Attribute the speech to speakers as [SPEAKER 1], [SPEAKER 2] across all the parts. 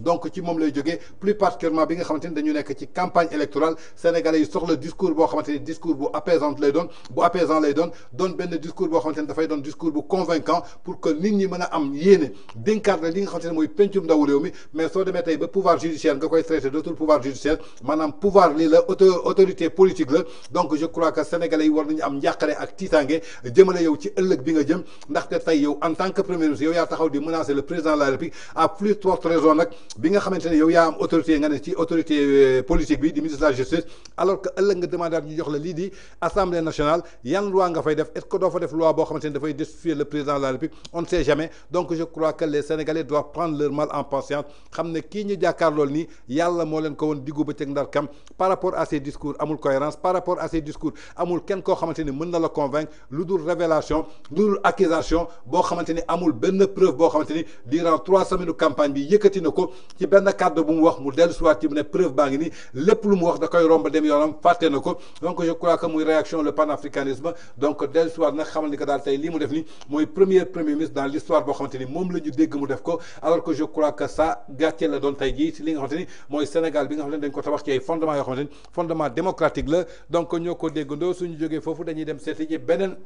[SPEAKER 1] donc ci mom lay jógee plus particulièrement bi nga xamante dañu nek ci campagne électorale sénégalais yi soxla discours bo xamante discours bu apaisant lay dons, bu apaisant lay donne donne ben discours bo xamante da fay discours bu convaincant pour que nit ñi a am yéene dénkaat li nga xamante moy mooy ndaw ndawu mi mais so démé tay ba pouvoir judiciaire nga koy traité d'autre pouvoir judiciaire manam pouvoir lii la autorité politique la donc je crois que sénégalais yi war nañu am ñakaré ak titangé jëmale yow ci ëlëk bi nga jëm ndaxte tay yow en tant que premier ministre yow ya taxaw di menacer le président de la république à plus trois raison raison nak bi nga xamantene yow ya am autorité nga ne ci autorité euh, politique bi di ministre de la justice alors que ëllëg nga demandé ñu jox la li di assemblée nationale yan loi nga fay def est-ce que doo fa def loi bo xamantene da fay défier le président de la République on ne sait jamais donc je crois que les Sénégalais doivent prendre leur mal en patience xamne ki ñu ñu lol ni yalla mo leen ko won digu bëccëg ndar kam par rapport à ces discours amul cohérence par rapport à ces discours amul ken ko xamantene ni mën na la convaincre lu révélation lu accusation bo xamantene amul benn preuve bo xamantene durant trois semaines de campagne bi yëkkati na ko ci benn kàddu bu mu wax mu dellu siwaat ci mu ne preuve baa ngi nii lépp lu mu wax da koy romb dem yoonam fàtte na ko donc je crois que muy réaction le panafricanisme donc dellu siwaat na xamal ni que daal tey lii mu def ni mooy premier premier ministre dans l'histoire boo xamante ni moom la ñu dégg mu def ko alors que je crois que ça gàcce la doon tey jii ci li nga xamante ni mooy Sénégal bi nga xamante ni dañ ko tabax ci ay fondement yoo xamante ni fondement démocratique la donc ñoo ko déggandoo suñu jógee foofu dañuy dem seeti ci beneen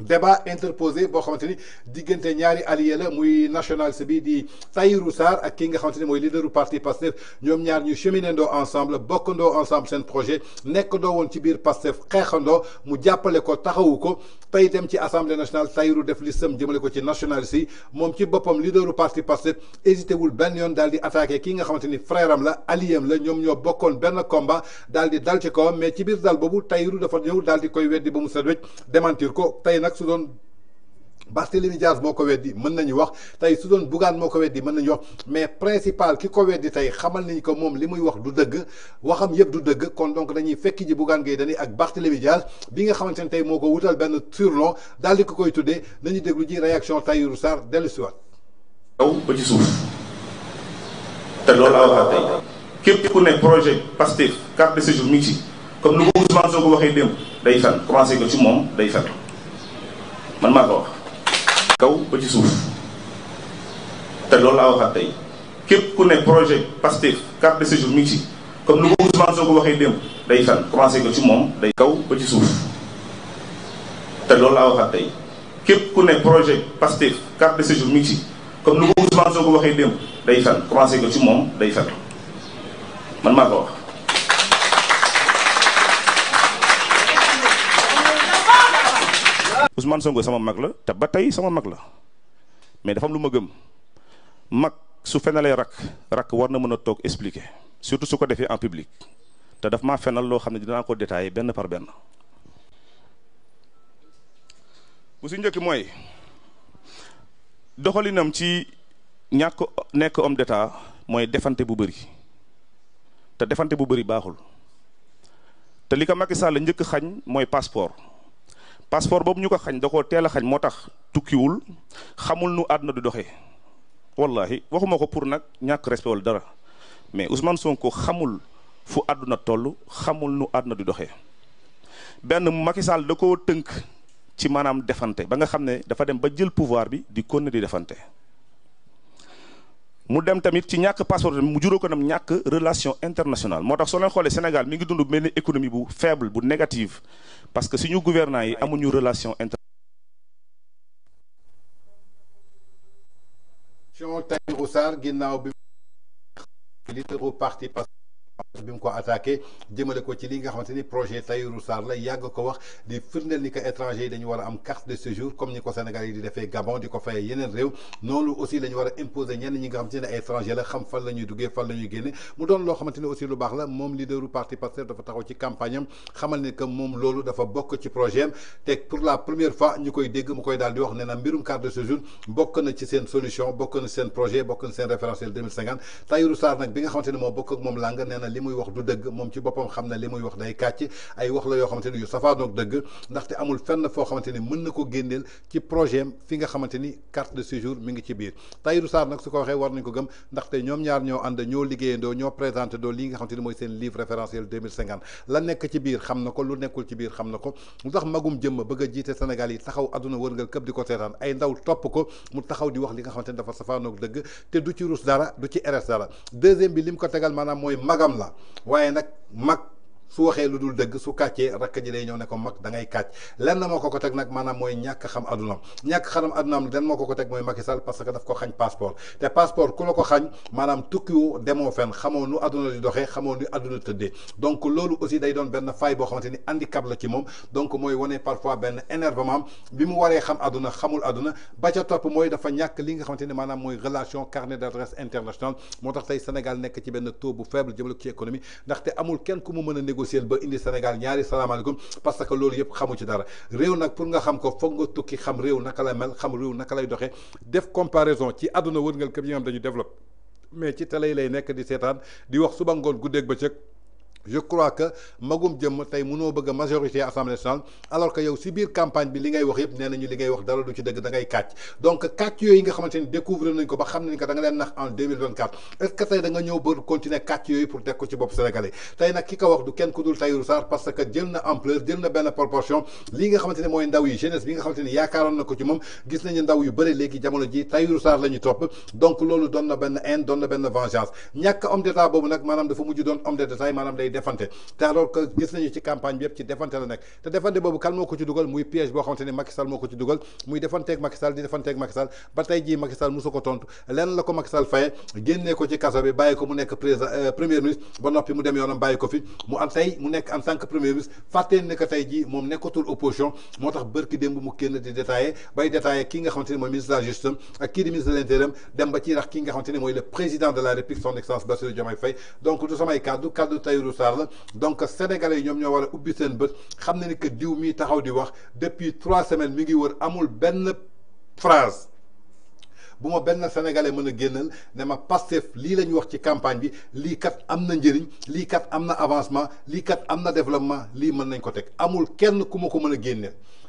[SPEAKER 1] débat interposé bo xamanteni Yari ñaari National la muy nationaliste bi di Tahirou Sar ak ki nga xamanteni moy leader du parti Pastef ñom ñaar ñu ensemble Bokondo ensemble seen projet do won ci biir Pastef xéxando mu jappalé ko taxawu ko dem ci assemblée nationale Tahirou def listeum jëmale ko ci nationaliste mom ci ci leader du parti Pastef hésité wul benn yoon daal di attaqué ki nga xamanteni frère la allié la ñom ñoo bokkon ben combat daal di dal ci ko mais ci biir dal bobu Tahirou dafa ñew daal di koy wéddi ba mu sa démentir ko tay nag su doon Barthélémy Diaz moo ko weddi mën nañu wax tay su doon Bougane moko ko weddi mën nañu wax mais principal ki ko weddi tey xamal nañu ko mom limuy wax du deug waxam yëpp du deug kon donc dañuy fekki ji Bougane ngay dañi ak Barthélémy Diaz bi nga xamanteni tay moko wutal ben surnom dal di ko koy tuddé
[SPEAKER 2] nañu déglu ji réaction Tahirou Sar dellu si waat. yow ba ci souf té loolu la waxaat tay képp ku ne projet Pastef carte de séjour mi ci comme lu ko Ousmane Sonko waxé dem day fan commencé ko ci mom day fan man maa ko wax kaw ba ci suuf te loolu laa waxaat tey képp ku ne projet Pastef carte de séjour mi ngi ci comme lu ko Ousmane Sonko waxee démb day fan commencé ko ci moom day kaw ba ci suuf te loolu laa waxaat tey képp ku ne projet Pastef carte de séjour mi ngi ci comme lu ko Ousmane Sonko waxee démb day fan commencé ko ci moom day fan man maa ko wax Ousmane Sonko sama mag la ta batay sama mag la mais dafa am luma gëm mag su fenalé rak rak warna na mën a expliquer surtout su ko défé en public ta daf ma fenal lo xamné dina ko détailler ben par ben bu suñu jëk moy doxalinam ci ñak nek homme d'état moy defante bu bëri ta défanté bu bëri baxul te li ko Macky Sall ñëk xagn moy passeport passeport boobu ñu ko xañ da koo teel a xañ moo tax tukkiwul xamul nu àdduna du doxee wallahi waxuma ko pour nag ñàkk respect wala dara mais Ousmane Sonko xamul fu àdduna toll xamul nu àdduna du doxee benn Macky Sall da ko tënk ci maanaam defante ba nga xam ne dafa dem ba jël pouvoir bi di kon di defante mu dem tamit ci ñàkk passeport mu juróo ko nam ñàkk relation internationale moo tax soo leen xoolee Sénégal mi ngi dund mel ni économie bu faible bu négative Parce que si nous gouvernons, nous avons relation internationale,
[SPEAKER 1] Je suis en train de vous parler de l'Europe parti parce bi attaqué projet la dañu wara am carte de séjour comme ni ko Sénégal di Gabon di ko fayé yeneen réew aussi dañu wara imposer ñen ñi nga xam étranger la xam fa la duggé fa la mu doon aussi lu bax la mom leaderu parti dafa taxaw ci campagne am xamal ni que mom lolu dafa ci projet té pour la première fois ñukoy dégg mu koy dal di wax na mbirum carte de séjour bokk na ci sen solution bokk na projet bokk na référentiel 2050 sar nak bi nga ak muy wax du dëgg moom ci boppam xam na li muy wax day kàcc ay wax la yoo xamante yu safaanoog dëgg ndaxte amul fenn foo xamante ni na ko génneel ci projet am ngi ci biir Tahirou Sarr a jiite di ko li nga xamante ni dafa safaanoog dëgg dara du ci rs dara deuxième bi lim ko tegal maanaam mooy magam la Wayne nak mak su waxee lu dul dëgg su kàccee rakk ji day ñëw ne ko mag da ngay kàcc lenn moo ko ko teg nag maanaam mooy ñàkk xam adunam ñàkk xam adunam lenn moo ko ko teg mooy Macky Sall parce que daf ko xañ passeport te passeport ku la ko xañ maanaam tukkiwu demoo fenn xamoo nu aduna di doxee xamoo nu aduna tëddee donc loolu aussi day doon benn fay boo xamante ni handicap la ci moom donc mooy wane parfois benn énervement bi mu waree xam aduna xamul aduna ba ca topp mooy dafa ñàkk li nga xamante ni maanaam relation carnet d'adresse international moo tax Sénégal nekk ci benn taux bu faible jëmale ci économie ndaxte amul kenn ku mu mën négocier ba indi Sénégal ñaari salaamaaleykum parce que loolu yëpp xamu ci dara réew nag pour nga xam ko foog nga tukki xam réew naka la mel xam réew naka lay doxe def comparaison ci àdduna wërngal këpp yi nga xam dañu développe mais ci télé yi lay nekk di seetaan di wax suba ngoon ba bëccëg je crois que magum jëmm tay mënoo bëgg majorité assemblée nationale alors que yow si biir campagne bi li ngay wax yëpp nee nañu li ngay wax dara du ci dëgg da ngay kàcc donc kàcc yooyu nga xamante ni découvrir nañ ko ba xam nañ ko da nga leen nax en 2024 est ce que tey da nga ñëw ba continuer kàcc yooyu pour teg ko ci bopp sénégalais tey nag ki ko wax du kenn ku dul Tahirou Sarr parce que jël na ampleur jël na benn proportion li nga xamante ne mooy ndaw yi jeunesse bi nga xamante ni yaakaaroon na ko ci moom gis nañu ndaw yu bëri léegi jamono ji Tahirou sar la ñu topp donc loolu doon na benn haine doon na benn vengeance ñàkk homme d'état boobu nag maanaam dafa mujj doon homme de détail maanaam day defante te alors que gis nañu ci campagne bi ci defante la nekk te defante bobu kan moko ci duggal muy piège bo xamante Macky Sall moko ci duggal muy ak Macky Sall di ak Macky Sall ba tay ji Macky Sall mosu tontu lenn la ko Macky Sall faye génné ko ci kasso bi bayiko mu nekk euh, premier ministre ba nopi mu dem yoonam bayiko fi mu am tay mu nekk en tant que premier ministre faté ne que tey jii moom nekkatul opposition motax barki dembu mu kenn di détailler bay détailler ki nga xamante moy mooy ministre de la justice ak ki di ministre de l'intérieur dem ba ci rax ki nga xamante moy le président de la république son excellence Bassirou Diomaye Faye donc du samay cadre cadre tayru Sall donc sénégalais ñom ñoo war ubbi seen bët xam na que diw mi taxaw di wax depuis 3 semaines mi ngi wër amul benn phrase bu ma benn sénégalais mën a génnal ne ma Pastef lii la ñu wax ci campagne bi lii kat am na njëriñ lii kat am na avancement lii kat am na développement lii mën nañ ko teg amul kenn ku ma ko mën a génneel.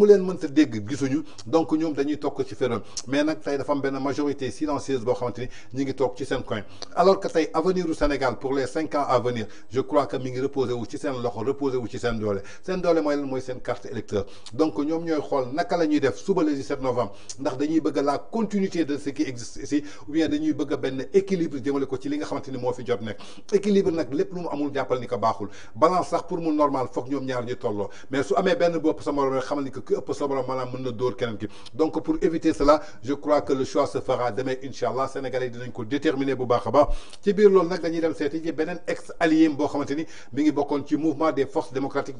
[SPEAKER 1] mu leen mënta dégg gisuñu donc ñoom dañuy toog ci fenam mais nag tey dafa am benn majorité silencieuse boo xamante ni ñu ngi toog ci seen coin alors que tey avenir au Sénégal pour les cinq ans à venir je crois que mi ngi reposé wu ci seen loxo reposé wu ci seen doole seen doole mooy lan carte électeur donc ñoom ñooy xool naka la ñuy def suba le 17 novembre ndax dañuy bëgg la continuité de ce qui existe ici ou bien dañuy bëgg ben équilibre jëmale ko ci li nga xamante ni moo fi jot nekk équilibre nag lépp lu mu amul jàppal ni ko baaxul balance sax pour mu normal foog ñoom ñaar ñu tolloo mais su amee benn bopp sa morom xamal ni ko ki ëpp sabara maanaam d'or na donc pour éviter cela je crois que le choix se fera demain inchallah sénégalais yi dinañ ko déterminer bu baax a ci biir loolu nag ex allié boo mais il mi ngi mouvement des forces démocratiques